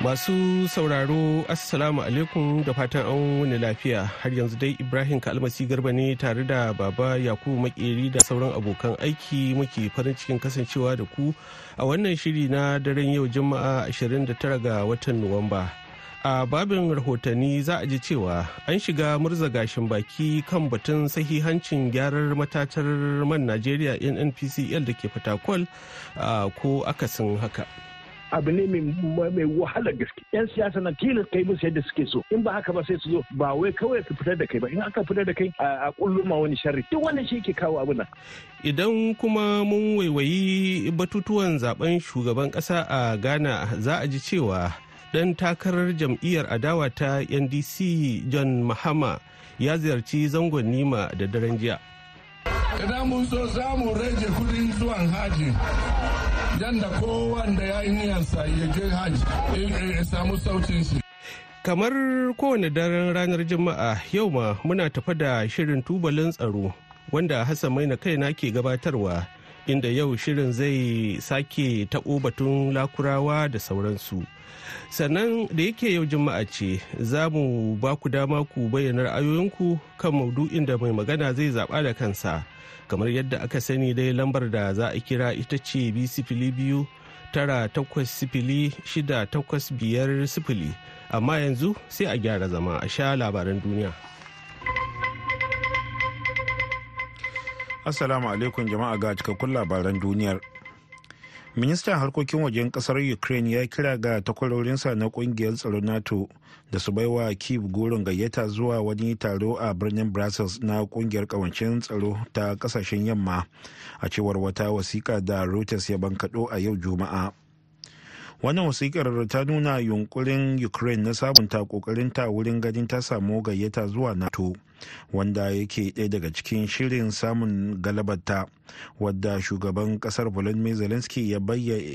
Masu sauraro Assalamu alaikum da fatan an wani lafiya har yanzu dai Ibrahim Kalmasi Garba ne tare da Baba Yakubu Makeri da sauran abokan aiki muke farin cikin kasancewa da ku a wannan shiri na daren yau Juma'a 29 ga watan Nuwamba. A babin rahotanni za a ji cewa an shiga murza gashin baki kan batun sahihancin gyarar matatar man Najeriya NNPCL da ke fatakwal ko akasin haka. abu ne mai wahala gaske yan siyasa na tilas kai musu yadda suke so in ba haka ba sai su zo ba wai kawai su fitar da kai ba in aka fitar da kai a kulluma wani sharri duk wannan shi ke kawo abu nan idan kuma mun waiwayi batutuwan zaben shugaban kasa a Ghana za a ji cewa dan takarar jam'iyyar adawa ta ndc john mahama ya ziyarci zangon nima da daren jiya idan mun so samun rage kudin zuwan haji Idan da kowanda ya yi niyansa ya je hajj eh, ya samu saucin shi kamar kowane daren ranar juma'a yau ma muna tafa da shirin tubalin tsaro wanda hassan maina kaina ke gabatarwa inda yau shirin zai sake taɓo batun lakurawa da sauransu sannan da yake yau juma'a ce za mu ba ku dama ku bayyana ra'ayoyinku kan maudu'in da mai magana zai zaɓa da kansa kamar yadda aka sani dai lambar da za a kira ita ce bi sifili biyu tara takwas sifili shida takwas biyar sifili amma yanzu sai a gyara zama a sha labaran duniya assalamu alaikum jama'a ga cikakkun labaran duniyar ministan harkokin wajen kasar ukraine ya kira ga takwarorinsa na kungiyar tsaro nato da su wa kiev goron gayyata zuwa wani taro a birnin brussels na kungiyar kawancin tsaro ta kasashen yamma a cewar wata wasiƙa da reuters ya bankaɗo a yau juma'a wannan wasikar ta nuna yunkurin ukraine na sabunta kokarinta wurin ganin ta samu gayyata zuwa nato wanda yake ɗaya daga cikin shirin samun galabarta wadda shugaban kasar volodymyr zelensky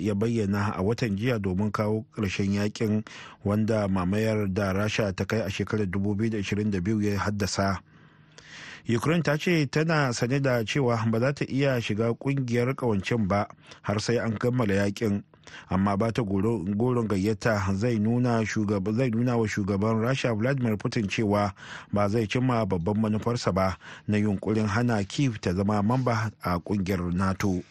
ya bayyana a watan jiya domin kawo ƙarshen yakin wanda mamayar da rasha ta kai a shekarar 2022 ya haddasa ukraine ta ce tana sane da cewa ba za ta iya shiga ƙungiyar kawancin ba har sai an kammala yakin amma ba ta goron gayyata zai nuna wa shugaban rasha vladimir putin cewa ba zai cimma babban manufarsa ba na yunkurin hana kiev ta zama mamba a kungiyar nato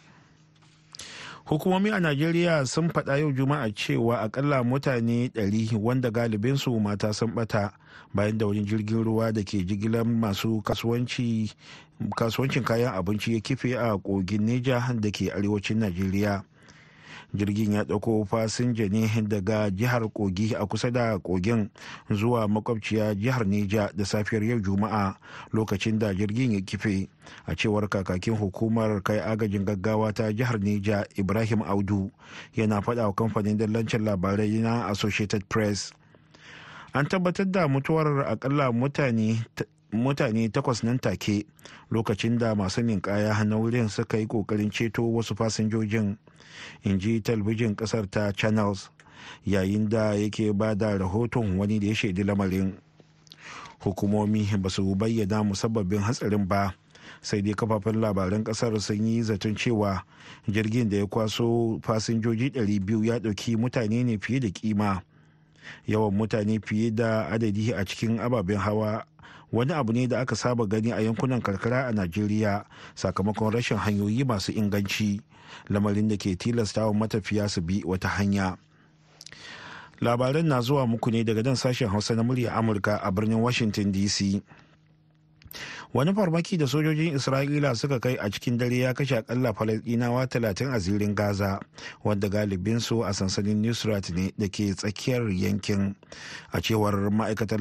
hukumomi a najeriya sun faɗa yau juma'a cewa akalla mutane 100 wanda galibinsu mata sun bata bayan da wani jirgin ruwa da ke jigilar masu kasuwancin kayan abinci ya kife a kogin neja da ke arewacin najeriya jirgin ya ɗauko fasinja ne daga jihar kogi a kusa da kogin zuwa makwabciya jihar neja da safiyar yau juma'a lokacin da jirgin ya kife a cewar kakakin hukumar kai agajin gaggawa ta jihar neja ibrahim audu yana faɗa kamfanin dallancin labarai na associated press an tabbatar da mutuwar akalla mutane mutane takwas nan take lokacin da masu ninkaya na wurin suka yi kokarin ceto wasu fasinjojin in ji talbijin kasar ta channels yayin da yake ba da rahoton wani da ya shaidi lamarin hukumomi ba su bayyana musabbabin hatsarin ba sai dai kafafen labaran kasar sun yi zaton cewa jirgin da ya kwaso fasinjoji 200 ya ɗauki mutane ne fiye da kima yawan mutane fiye da adadi a cikin ababen hawa wani abu ne da aka saba gani a yankunan karkara a najeriya sakamakon rashin hanyoyi masu inganci lamarin da ke tilasta wa matafiya su bi wata hanya labaran na zuwa muku ne daga nan sashen hausa na murya amurka a birnin washington dc wani farmaki da sojojin isra'ila suka kai a cikin dare ya kashe akalla falasdinawa talatin a zirin gaza wadda galibinsu a sansanin nusrat ne da ke tsakiyar yankin a cewar ma'aikatar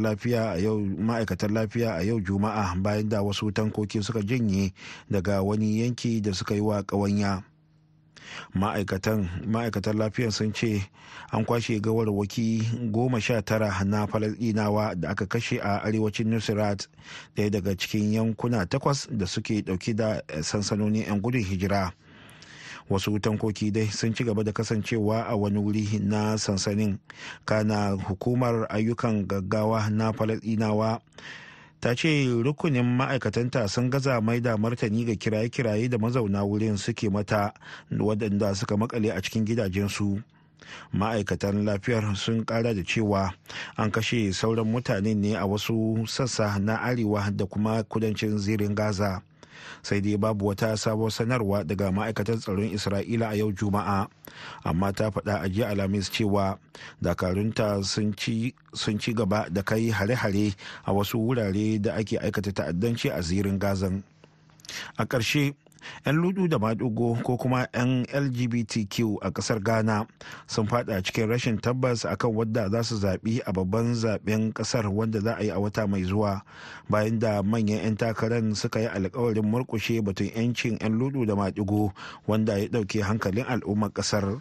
lafiya a yau juma'a bayan da wasu tankoki suka janye daga wani yanki da suka yi wa ƙawanya ma'aikatan lafiyan sun ce an kwashe gawarwaki goma sha tara na falasdinawa da aka kashe a arewacin nusrat daya daga cikin yankuna takwas da suke dauki da eh, sansanonin 'yan gudun hijira wasu tankoki dai sun ci gaba da kasancewa a wani wuri na sansanin kana hukumar ayyukan gaggawa na falasdinawa ta ce rukunin ma'aikatanta sun gaza mai da martani ga kiraye-kiraye da mazauna wurin suke mata waɗanda suka makale a cikin gidajensu ma'aikatan lafiyar sun ƙara da cewa an kashe sauran mutane ne a wasu sassa na arewa da kuma kudancin zirin gaza sai dai babu wata sabon sanarwa daga ma'aikatar tsaron isra'ila a yau juma'a amma ta faɗa a jiya alhamis cewa dakarunta sun ci gaba da kai hare-hare a wasu wurare da ake aikata ta'addanci a zirin gazan a ƙarshe 'yan ludu da maɗigo ko kuma 'yan lgbtq a ƙasar ghana sun fada cikin rashin tabbas akan wadda za su zaɓi a babban zaɓen ƙasar wanda za a yi a wata mai zuwa bayan da manyan 'yan takarar suka yi alkawarin murƙushe batun 'yancin 'yan ludu da maɗigo wanda ya ɗauke hankalin al'ummar ƙasar.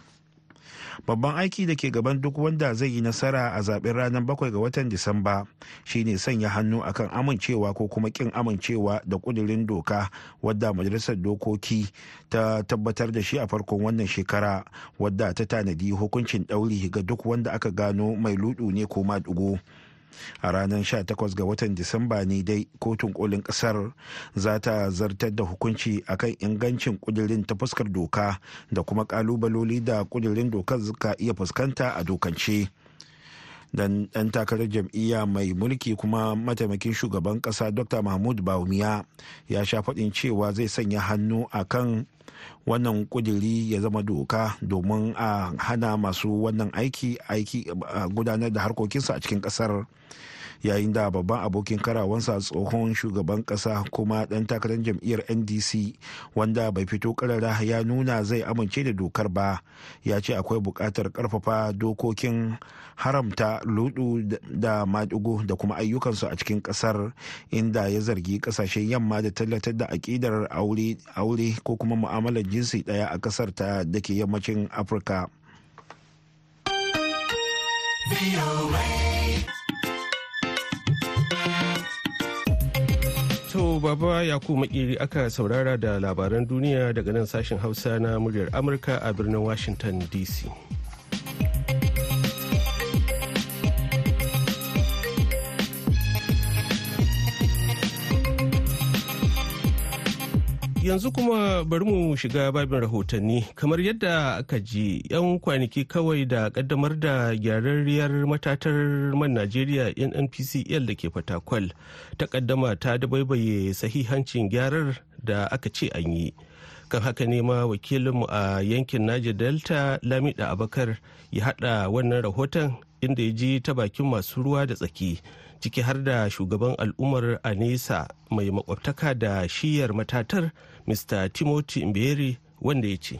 babban aiki da ke gaban duk wanda zai yi nasara a zaben ranar bakwai ga watan disamba shine sanya hannu akan amincewa ko kuma kin amincewa da kudirin doka wadda majalisar dokoki ta tabbatar da shi a farkon wannan shekara wadda ta tanadi hukuncin ɗauri ga duk wanda aka gano mai ludu ne ko madugo. a ranar 18 ga watan disamba ne dai kotun kolin kasar za ta zartar da hukunci akan ingancin kudirin ta fuskar doka da kuma kalubaloli da kudirin dokar zuka iya fuskanta a dokance dan takarar jam'iyya mai mulki kuma mataimakin shugaban kasa dr mahmud baumiya ya sha faɗin cewa zai sanya hannu akan wannan kuduri ya zama doka domin a hana masu wannan aiki aiki gudanar da harkokinsu a cikin kasar yayin da babban abokin karawansa tsohon shugaban kasa kuma dan takarar jam'iyyar ndc wanda bai fito karara ya nuna zai amince da dokar ba ya ce akwai buƙatar ƙarfafa dokokin haramta ludu da maɗigo da kuma ayyukansu a cikin ƙasar inda ya zargi ƙasashen yamma da tallatar da aƙidar aure ko kuma mu'amalar jinsi ɗaya a ƙasar ta da ke yammacin afirka. baba yakubu makiri aka saurara da labaran duniya daga nan sashen hausa na muryar amurka a birnin washington dc yanzu kuma bari mu shiga babin rahotanni kamar yadda aka ji 'yan kwanaki kawai da kaddamar da gyararriyar matatar man najeriya nnpcl da ke fatakwal ta kaddama ta dabaibaye sahihancin gyarar da aka ce an yi kan haka ne ma wakilinmu a yankin niger delta lamida abakar ya hada wannan rahoton inda ya ji ta bakin masu ruwa da tsaki ciki har da shugaban al'ummar anisa mai makwabtaka da shiyar matatar mr timothy mberi wanda ya ce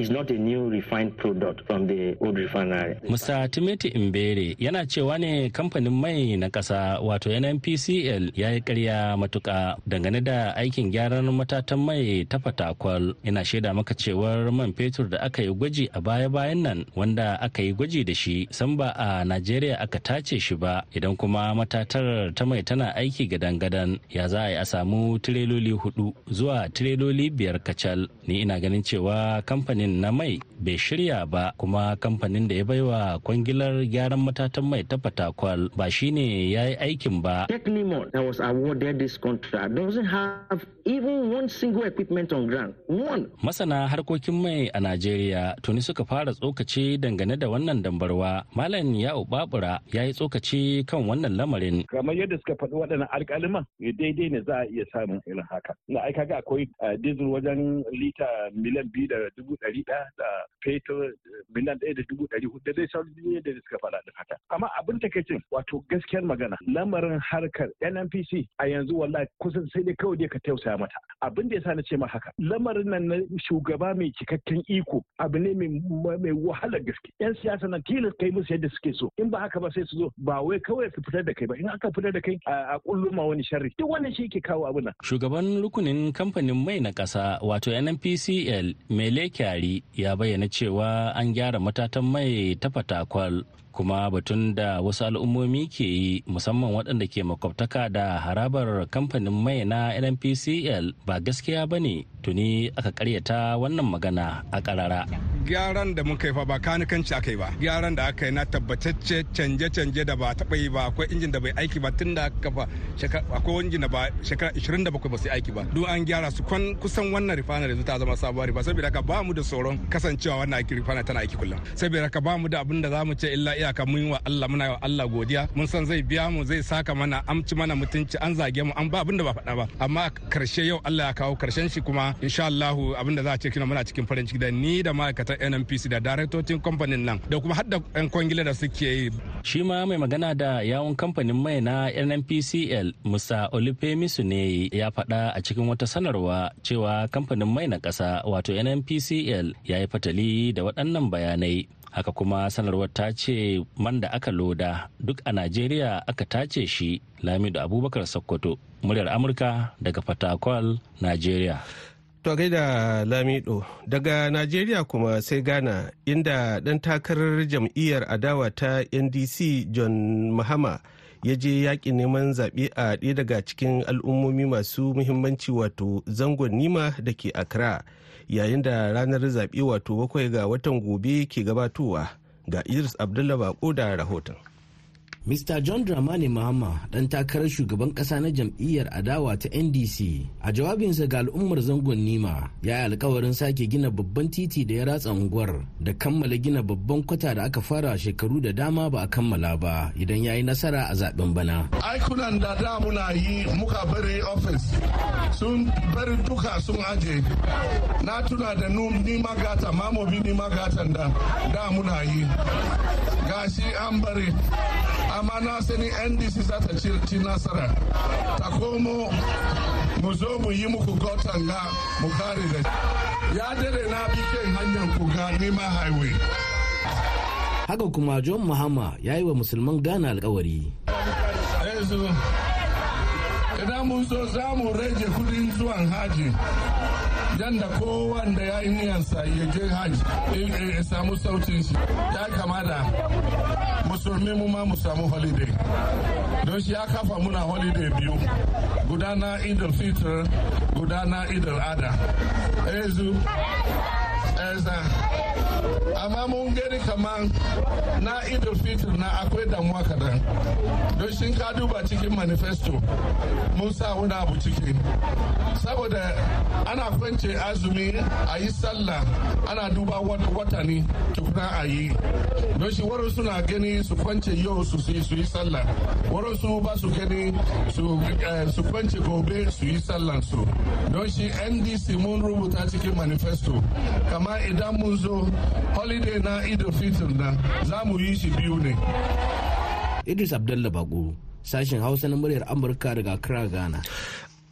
is not a new refined product from the old refinery. Mr. Timothy Imbere yana cewa ne kamfanin mai na ƙasa wato NNPCL ya yi karya matuka dangane da aikin gyaran matatan mai ta fatakwal. Ina shaida maka cewar man fetur da aka yi gwaji a baya-bayan nan wanda aka yi gwaji da shi san ba a Najeriya aka tace shi ba idan kuma matatar ta mai tana aiki gadan-gadan ya za a yi a samu tireloli hudu zuwa tireloli biyar kacal. Ni ina ganin cewa kamfanin kamfanin na mai bai shirya ba kuma kamfanin da ya baiwa kwangilar gyaran matatan mai ta fatakwal ba shine ya yi aikin ba. Technimon that was awarded this contract doesn't have even one single equipment on ground. One. Masana harkokin mai a Najeriya tuni suka fara tsokaci dangane da wannan dambarwa. Malam ya Babura ya yi tsokaci kan wannan lamarin. Kamar yadda suka faɗi waɗannan alƙaliman eh, daidai ne za a iya samun irin haka. Na aika ga akwai eh, diesel wajen lita miliyan biyu da dubu ɗari ɗari ɗaya da fetur miliyan ɗaya da dubu ɗari hudu da dai sauran da suka faɗa da haka. Amma abin takaicin wato gaskiyar magana lamarin harkar NNPC a yanzu wallahi kusan sai dai kawai dai ka tausaya mata. Abin da ya sa na ce ma haka lamarin nan na shugaba mai cikakken iko abu ne mai wahala gaske. 'Yan siyasa na tilas kai musu yadda suke so in ba haka ba sai su zo ba wai kawai su fitar da kai ba in aka fitar da kai a kulluma wani sharri duk wannan shi ke kawo abin nan. Shugaban rukunin kamfanin mai na ƙasa wato NNPCL Mele ya bayyana cewa an gyara matatan mai ta Fatakwal kuma batun da wasu al'ummomi ke yi musamman waɗanda ke makwabtaka da harabar kamfanin mai na nnpcl ba gaskiya ba ne tuni aka karyata wannan magana a karara gyaran da muka yi fa ba kanikanci aka yi ba gyaran da aka yi na tabbatacce canje-canje da ba taɓa yi ba akwai injin da bai aiki ba tun da aka kafa akwai injin da ba shekara 27 ba su aiki ba duk an gyara su kusan wannan rifana yanzu ta zama sabuwar ba saboda ka ba mu da tsoron kasancewa wannan rifana tana aiki kullum saboda ka ba mu da abin da za mu ce illa iyaka mun wa Allah muna wa Allah godiya mun san zai biya mu zai saka mana amci mana mutunci an zage mu an ba abinda ba faɗa ba amma karshe yau Allah ya kawo karshen shi kuma insha Allah abinda za a ce kina muna cikin farin ciki da ni da ma'aikatan NNPC da daraktocin kamfanin nan da kuma har da yan kwangila da suke yi shi ma mai magana da yawun kamfanin mai na NNPCL Musa Olufemisu ne ya faɗa a cikin wata sanarwa cewa kamfanin mai na ƙasa wato NNPCL ya yi fatali da waɗannan bayanai haka kuma sanarwar ta ce man da aka loda duk a najeriya aka tace shi lamido abubakar sokoto muryar amurka daga fatakwal najeriya to gaida lamido daga najeriya kuma sai ghana inda dan takarar jam'iyyar adawa ta ndc john mahama ya je yaƙi neman zaɓe a ɗaya daga cikin al'ummomi masu muhimmanci wato zangon nima da ke accra yayin da ranar zaɓe wato bakwai ga watan gobe ke gabatowa ga idris abdullah bako da rahoton Mr. John Dramani Mahama dan takarar shugaban ƙasa na jam'iyyar adawa ta NDC a jawabinsa ga al'ummar zangon Nima ya yi alkawarin sake gina babban titi da ya ratsa unguwar da kammala gina babban kwata da aka fara shekaru da dama ba a kammala ba idan ya yi nasara a zaben bana. Aikunan da da muna yi muka bari ofis sun bari duka sun aje na tuna da nima gata mamobi nima gatan da da muna yi gashi an bari amma na sani ndc za ta ci nasara ta komo mu zo mu yi muku gotan ga mu kare da ya dare na bi kan hanyar ku ga nima highway haka kuma john mahama ya yi wa musulman ghana alkawari idan mun so za mu rage kudin zuwan haji dan da kowanda ya yi niyansa ya je hajji eh, eh, ya samu sautin shi ya da musulmi mu ma mu samu holiday don shi ya kafa muna holiday biyu guda na fitr guda na idul ada ezu eh, amma mun gani kaman na ido fitr na akwai damuwa kadan don shi ka duba cikin manifesto mun sa wani abu ciki saboda ana kwance azumi a yi sallah ana duba wata ne tukuna a yi don shi warin suna gani su kwance yau su yi sallah warin su ba su gani eh, su kwance gobe su yi sallah su don shi ndc mun rubuta cikin manifesto kama idan mun zo holiday na idul fitr na za mu yi shi biyu ne idris abdullahi bako sashen hausa na muryar amurka daga accra ghana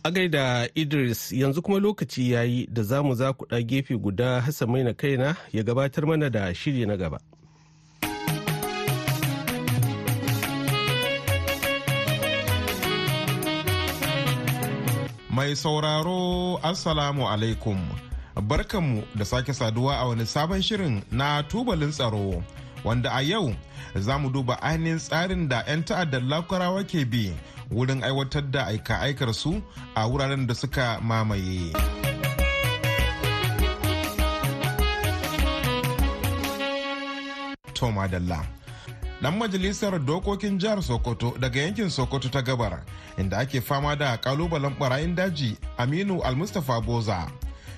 a gaida idris yanzu kuma lokaci ya yi da za mu za ku gefe guda hasa mai na kaina ya gabatar mana da shiri na gaba mai sauraro assalamu alaikum barkanmu da sake saduwa a wani sabon shirin na tubalin tsaro wanda a yau za mu duba ainihin tsarin da 'yan ta'addar lakurawa ke bi wurin aiwatar da aika-aikar su a wuraren da suka mamaye. Tom dan majalisar dokokin jihar sokoto daga yankin sokoto ta gabar inda ake fama da kalubalen barayin daji aminu Almustafa boza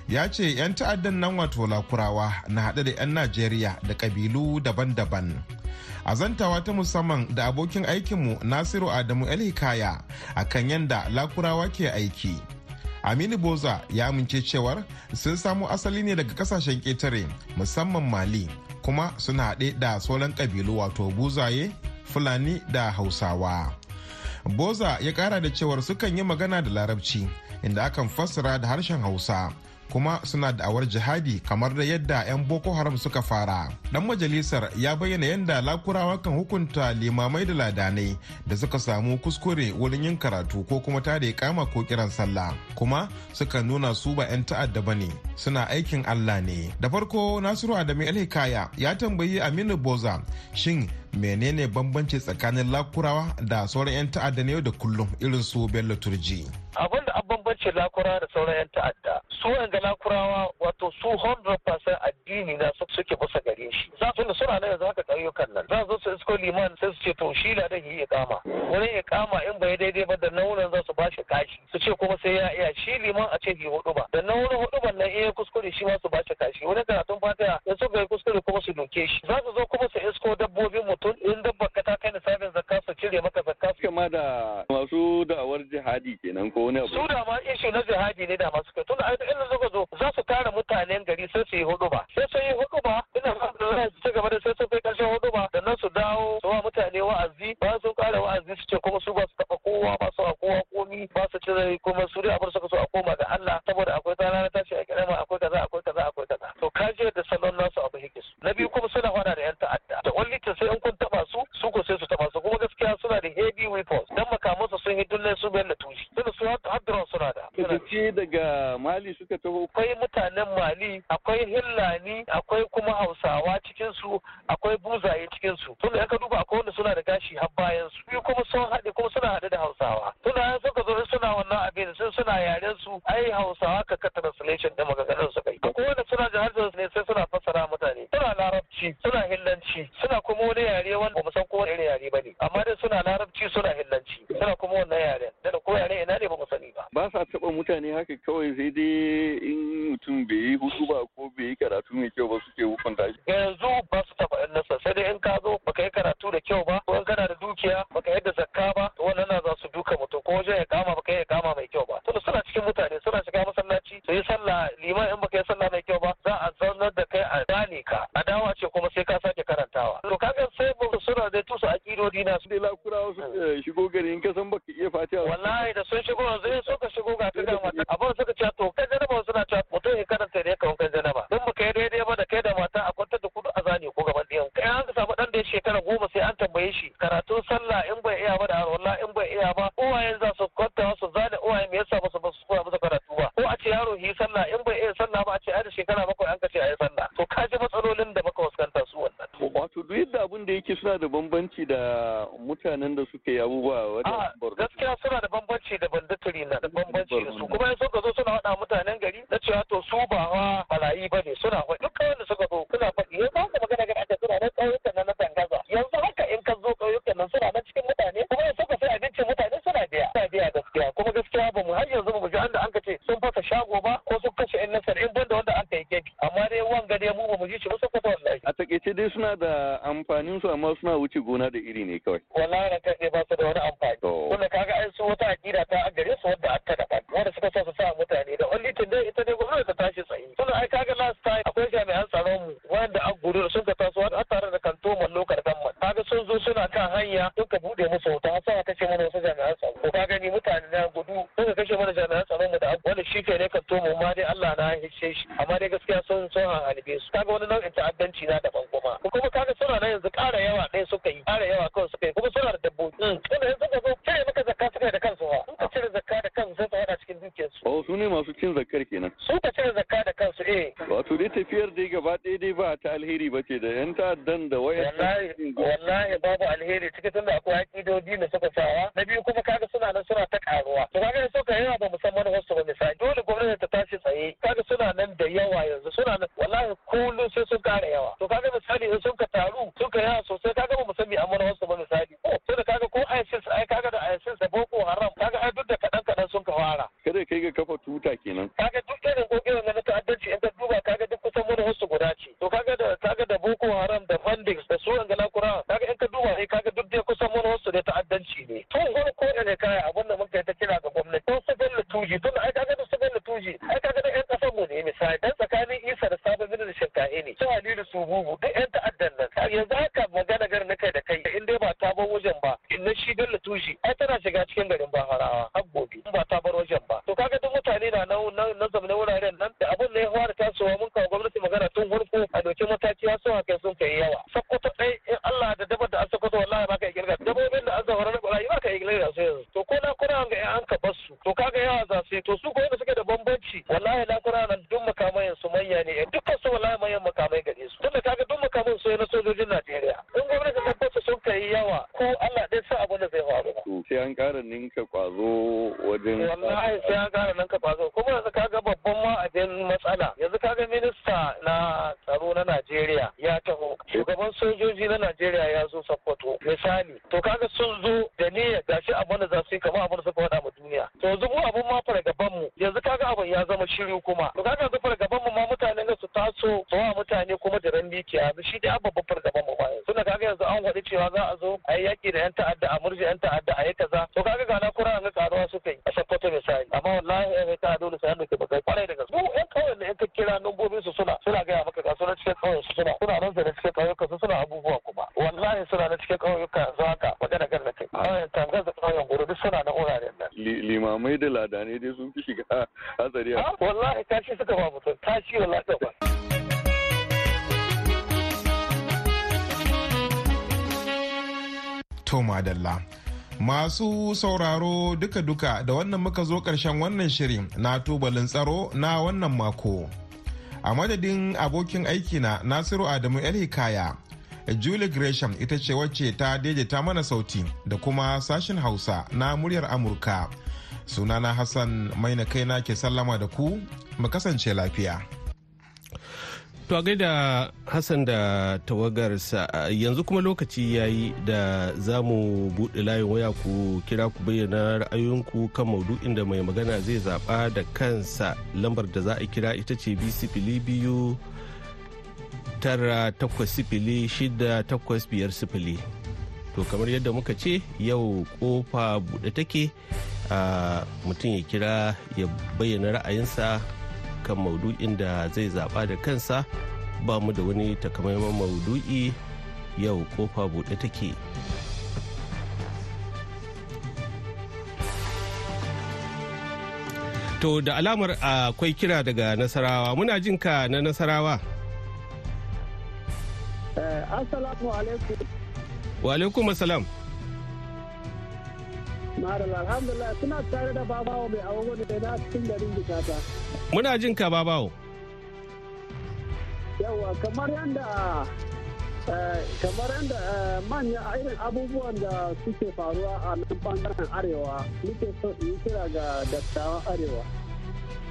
ya ce 'yan ta'addan nan wato lakurawa na haɗe da 'yan najeriya da ƙabilu daban-daban a zantawa ta musamman da abokin aikinmu nasiru adamu elhikaya a kan yadda lakurawa ke aiki aminu boza ya amince cewar sun samo asali ne daga kasashen ƙetare musamman mali kuma suna haɗe da sauran ƙabilu wato buzaye fulani da hausawa boza ya ƙara da cewar sukan yi magana da larabci inda akan fassara da harshen hausa kuma suna da'awar jihadi kamar da yadda 'yan boko haram suka fara dan majalisar ya bayyana yadda lakurawa kan hukunta limamai da ladanai da suka samu kuskure wurin yin karatu ko kuma ta ya kama ko kiran sallah kuma suka nuna su ba 'yan ta'adda ba ne suna aikin allah ne da farko nasiru adamu alhikaya ya tambayi aminu boza shin menene bambanci tsakanin lakurawa da sauran 'yan ta'adda na yau da kullum irin su bello turji abin da an bambanci lakurawa da sauran 'yan ta'adda su ga kurawa wato su 100% addini na suke bisa gare shi za su suna nan yanzu haka ƙauyukan nan za su su isko liman sai su ce to shi ladan yi kama. wani kama in bai daidai ba da naunan za su ba shi kashi su ce kuma sai ya iya shi liman a ce ki hudu ba da naunan hudu ban nan iya kuskure shi ma su ba shi kashi wani karatun fatiha ya su ga kuskure kuma su doke shi za su zo kuma su isko dabbobin mutum in dabba ka ta kai nisabin zakka su cire maka zakka su kama da masu da'awar jihadi kenan ko wani abu su da ma ishu na jihadi ne da masu kai tun da in zuba zo za su tara mutanen gari sai su yi hudu ba sai su yi hudu ba ina fatan su ci gaba da sai su kai karshen hudu ba nan su dawo su wa mutane wa'azi ba sun kara wa'azi su ce kuma su ba su taba kowa ba su a kowa komi ba su ci zai kuma su dai abin suka so a koma ga Allah saboda akwai tsara na tashi a kirama akwai kaza akwai kaza akwai kaza to ka je da salon nasu abu hikis na biyu kuma suna fara da yan ta'adda da wani sai in kun taba su su ko sai su taba su kuma gaskiya suna da heavy weapons dan makamansu sun yi dunnan su bayan daga mali suka taho akwai mutanen mali akwai hillani akwai kuma hausawa cikin su akwai buzaye cikin su tunda in ka duba akwai wanda suna da gashi har bayan su kuma sun haɗe kuma suna haɗe da hausawa tunda an suka zo suna wannan abin sun suna yaren su ai hausawa ka ka translation da maganganun su kai ko wanda suna jihar ne sai suna fassara mutane suna larabci suna hillanci suna kuma wani yare wanda ഇവ നമുക്ക് കേസല്ലാതെ gaskiya ba mu har yanzu ba mu ji da an ka ce sun fasa shago ba ko sun kashe yan nasar in banda wanda an ka yi keki amma dai wanga dai mu ba mu ji shi ba sai kwata wallahi a takaice dai suna da amfanin su amma suna wuce gona da iri ne kawai wallahi na kai ba su da wani amfani wanda kaga ai su wata akida ta a gare su wanda aka daban wanda suka sa su sa mutane da only tin dai ita dai gwamnati ta tashi tsaye tunda ai kaga last time akwai jami'an tsaron mu wanda a gudu sun ka taso har tare da kantoman lokacin gamman kaga sun zo suna kan hanya sun bude musu wuta sai ta ce mana wasu jami'an tsaro so mu ma dai Allah na hishe shi amma dai gaskiya sun so han halibe su kaga wani nau'in ta'addanci na daban kuma kuma kaga suna na yanzu ƙara yawa ɗaya suka yi ƙara yawa kawai suka yi kuma suna da dabbobi Kuma mm. yanzu ka zo cire maka zakka suka yi da kansu ha ka ah. cire zakka da kansu sai ka haɗa cikin dukiyarsu. Oh su ne masu cin zakkar kenan. ka cire zakka da kansu eh. Wato dai tafiyar dai gaba ɗaya dai ba ta alheri ba ce da yan ta'addan da waya. Wallahi wallahi babu alheri cikin tunda akwai haƙidodi da suka sawa na biyu kuma kaga suna nan suna ta ƙaruwa. To kaga suka yawa ba musamman wasu ba shaye eh, kaga suna nan da yawa yanzu suna nan wallahi kullum sai sun kara yawa to kaga misali in sun ka taru sun ka yawa sosai kaga ba mu san me wasu ba misali ko sai da kaga ko ISIS ai kaga da ISIS da Boko Haram kaga ai duk da kadan kadan sun ka fara kada kai ga kafa tuta kenan kaga duk irin sun kai yawa sokoto ɗai in Allah da dabar da an sokoto wallahi baka kirga dabobin da an zawara na yi baka kirga su yanzu to ko na kuna ga an ka bar su to kaga yawa za su to su kuma da suke da bambanci wallahi na kuna nan duk makamai su manya ne dukkan su wallahi manyan makamai gare su tunda kaga duk makamin su na sojojin Najeriya in gwamnati ta tabbata sun kai yawa ko Allah ɗai sa abin da zai faru sai an ƙara ninka ƙwazo wajen wallahi sai an ka kira nombobin su suna suna gaya maka ga suna cikin ƙauyen su suna suna nan da cikin ƙauyuka su suna abubuwa kuma wallahi suna na cikin ƙauyuka yanzu haka magana gar da kai ƙauyen tangar da ƙauyen guru duk suna na wuraren nan limamai da ladane dai sun fi shiga hatsari ah, wallahi tashi suka ba mutum tashi wallahi ba To madalla. Masu sauraro duka-duka da wannan muka zo ƙarshen wannan shirin na tubalin tsaro na wannan mako. A madadin abokin aikina Nasiru Adamu El Hikaya, Julie Gresham ita ce wacce ta daidaita mana sauti da kuma sashin Hausa na muryar Amurka. Sunana Hassan mai na kaina ke sallama da ku, mu kasance lafiya. To a gaida Hassan da tawagarsa yanzu kuma lokaci ya yi da za mu buɗe layin waya ku kira ku bayyana ra'ayoyinku kan maudu'in da mai magana zai zaɓa da kansa lambar da za a kira ita ce sifili biyu tara takwas sifili shida takwas biyar sifili. To kamar yadda muka ce yau kofa buɗe take mutum ya kira ya bayyana ra'ayinsa kan maudu'in da zai zaɓa da kansa ba mu da wani takamaiman maudu'i yau kofa buɗe take To da alamar akwai kira daga Nasarawa, muna jin ka na Nasarawa. Eh, assalamu alaikum. Wa alaikum assalam. alhamdulillah suna tare da babawa mai awo na cikin garin Muna jin ka babawo. Yawa kamar yadda eh, kamar yadda eh, manya irin abubuwan da suke faruwa a nan bangaren arewa muke so in kira ga dattawan arewa.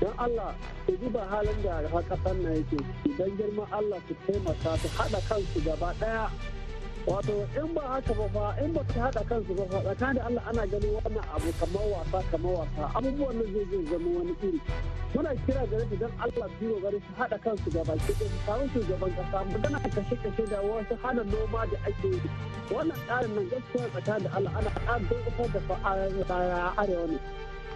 don Allah su duba halin da kasar na yake idan girman Allah su taimaka su haɗa kansu gaba ɗaya wato in ba haka ba fa in ba ta hada kansu ba fa tsakanin Allah ana ganin wannan abu kamar wasa kamar wasa abubuwan nan zai zama wani iri muna kira gare su don Allah su yi gare su hada kansu ga baki da su samu shugaban kasa magana kashe kashe da wasu hana noma da ake yi wannan tsarin nan gaskiya tsakanin Allah ana da ƙasar da arewa ne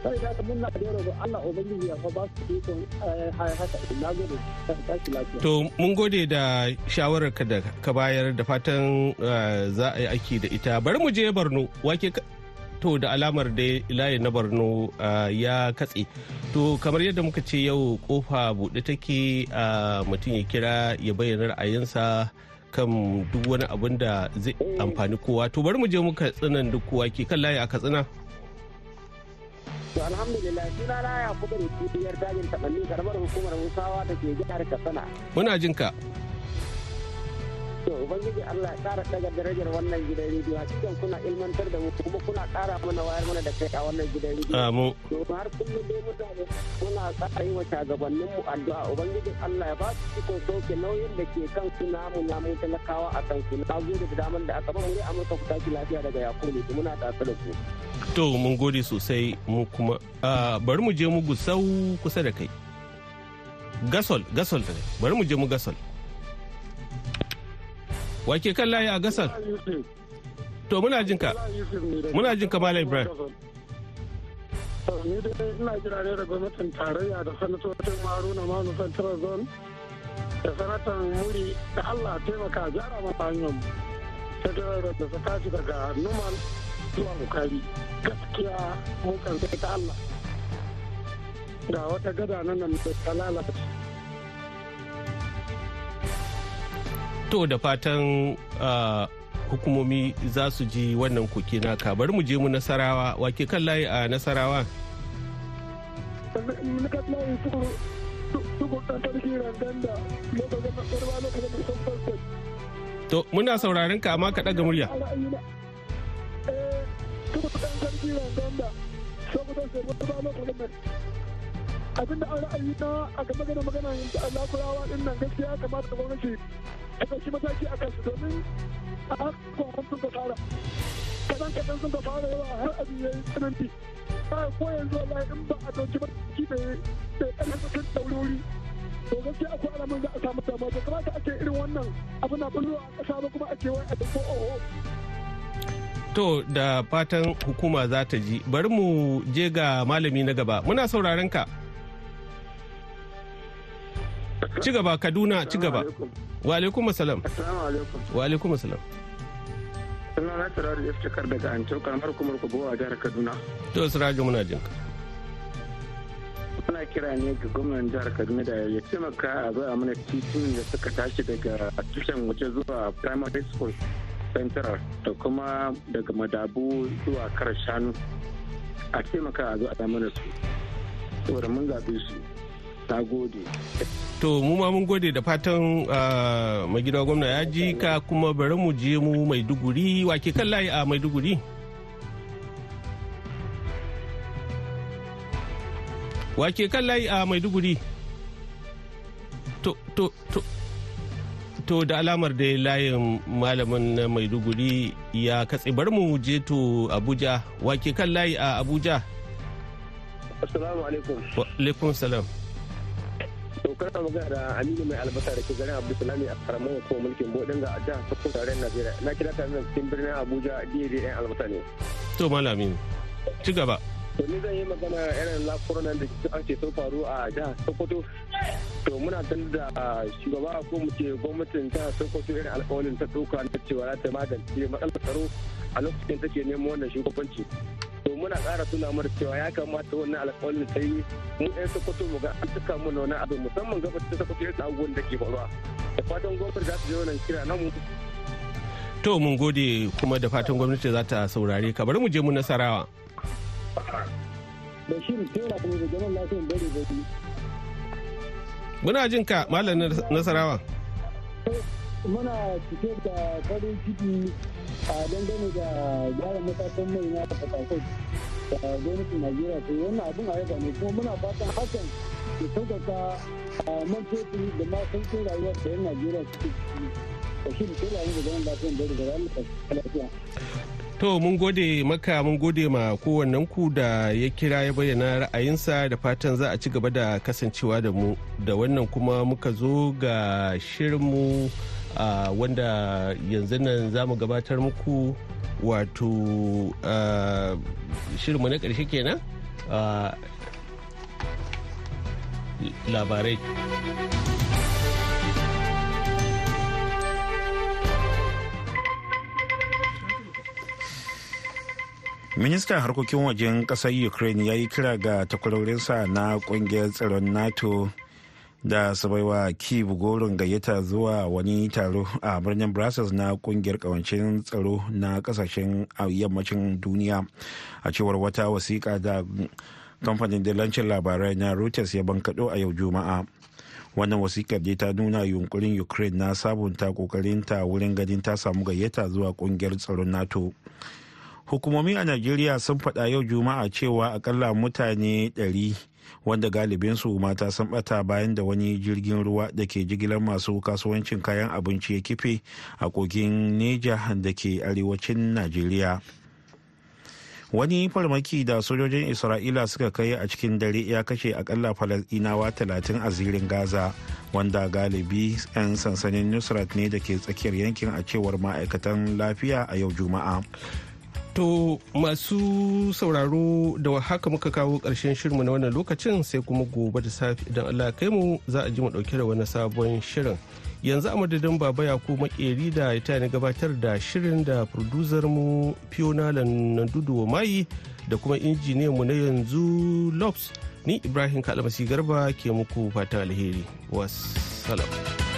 sai da ka da yaro Allah ubangiji ya fa ba su eh, haka na gode to mun gode da shawarar ka da ka bayar da fatan eh, za a yi aiki da ita bari mu je Borno wake to da alamar da layi na borno eh, ya katse to kamar yadda muka ce yau kofa buɗe take mutum ya kira ya bayyana ra'ayinsa kan duk wani abin da zai amfani kowa to bari mu je muka tsinan duk kowa ke kan layi a katsina. tsina To alhamdulillah suna na ya kuma da cibiyar dajin taɓalli karamar hukumar Musawa da ke jihar Katsina. Muna jinka. to ubangiji Allah ya kara daga darajar wannan gidan rediyo kuna ilmantar da mu kuma kuna kara mana wayar mana da kai a wannan gidan rediyo amu to kara yi wa mu addu'a ubangiji Allah ya ba su sauke nauyin da ke kan su namu talakawa a kan su damar da aka ba mu lafiya da ku to mun gode sosai mu kuma bari mu je mu gusau kusa da kai gasol gasol bari mu je mu gasol Wake kan layi a gasar? To muna jinka Muna jinka ka Malam Ibrahim. Ni dai ina jira ne da gwamnatin tarayya da sanatocin Haruna Manu Central Zone da sanatan Muri da Allah taimaka gyara mata hanyar mu. Ta da su tashi daga Numan zuwa Bukari. Gaskiya mun kan sai ta Allah. Ga wata gada nan da ta lalace. to da fatan hukumomi za su ji wannan koke naka bari mu je mu nasarawa wake kan layi a nasarawa to muna sauraron ka amma ka daga murya abinda an ra'ayi na a game da magana da Allah kurawa din nan gaskiya kamar da gwamnati a ɗauki mataki a kansu domin fara kadan yawa har abin ya yi ko yanzu wallahi in ba a ɗauki mataki da ya ƙarfi to akwai alamun za a samu damuwa to kamata ake irin wannan abu na bullowa a ƙasa ba kuma a kewaye a To da fatan hukuma za ta ji, bari mu je ga malami na gaba. Muna sauraron ka. Ci gaba Kaduna, ci gaba. wa alaikum assalam assalamu alaikum wa alaikum assalam suna na sirari ya fitakar daga anto kalmar kumar ku a jihar kaduna to sirari muna jin ka muna kira ne ga gwamnan jihar kaduna da ya taimaka a zuwa mana titin da suka tashi daga tushen waje zuwa primary school central da kuma daga madabu zuwa kar shanu a taimaka a zuwa mana su saboda mun zaɓe su na gode to mu ma mun gode da fatan ah, mai gida gwamna ya ji ka kuma bari mu je mu maiduguri wake kan layi a maiduguri wake kan layi a maiduguri to to to to da alamar da layin malamin na maiduguri ya katse bari mu je to abuja wake kan layi a abuja assalamu alaikum alaikum salam kana magana da Aminu mai albasa da ke garin Abdulsalami a karamar hukumar mulkin Bodin ga jihar Sokoto tarayyar Najeriya. Na kira ta nan cikin birnin Abuja DJN albasa ne. To ci gaba. To ni zan yi magana irin lafuran da an sun faru a jihar Sokoto. To muna tun da shugaba ko mu ce gwamnatin jihar Sokoto irin alƙawarin ta ɗauka na cewa za ta magance matsalar tsaro a lokacin take neman wannan shugabanci. to muna ƙara tuna mana cewa ya kamata wannan alƙawarin ta yi mu ɗan sokoto mu ga an cika mu na abu musamman gabas ta sokoto yadda abubuwan da ke faruwa da fatan gwamnati za ta je wannan kira na mu. to mun gode kuma da fatan gwamnati za ta saurare ka bari mu je mu nasarawa. bashir tera kuma da zaman lafiyan bare bari. muna jin ka malam nasarawa. muna cike da farin ciki a dangane da gyara matakan mai na fatakon da gwamnatin najeriya ta yi wannan abin a yaba ne kuma muna fatan hakan da sauƙaƙa a manchester da ma sauƙin rayuwar da yan najeriya suke ciki da shi da ke layin da zaman lafiyan da daga ranar lafiya. To mun gode maka mun gode ma kowannen ku da ya kira ya bayyana ra'ayinsa da fatan za a ci gaba da kasancewa da mu da wannan kuma muka zo ga shirinmu wanda yanzu nan za mu gabatar muku wato shirinmu na ƙarshe kenan labarai ministan harkokin wajen kasar ukraine ya yi kira ga takwarorinsa na kungiyar tsaron nato da su baiwa kibu gorin gayyata zuwa wani taro a birnin brussels na kungiyar kawancin tsaro na kasashen yammacin duniya a cewar wata wasiƙa da kamfanin dalancin labarai na reuters ya bankaɗo a yau juma'a wannan wasikar dai ta nuna yunkurin ukraine na sabunta ta wurin ganin ta samu gayyata zuwa kungiyar tsaron nato hukumomi a najeriya sun faɗa yau juma'a cewa akalla mutane 100 wanda galibinsu mata sun bata bayan da wani jirgin ruwa da ke jigilar masu kasuwancin kayan abinci ya kife a kogin neja da ke arewacin najeriya wani farmaki da sojojin isra'ila suka kai a cikin dare ya kashe akalla falasdinawa talatin a zirin gaza wanda galibi 'yan sansanin nusrat ne da ke tsakiyar yankin a cewar ma'aikatan lafiya a yau juma'a To masu sauraro da haka muka kawo ƙarshen shirinmu na wannan lokacin sai kuma gobe da safe idan Allah kai mu za a ji mu ɗauke da wani sabon shirin. Yanzu a madadin baba ya ko makeri da ya tani gabatar da shirin da producer mu Fiona Landudu Mayi da kuma injiniyan mu na yanzu lops ni Ibrahim Kalamasi Garba ke muku fata alheri. Wassalam.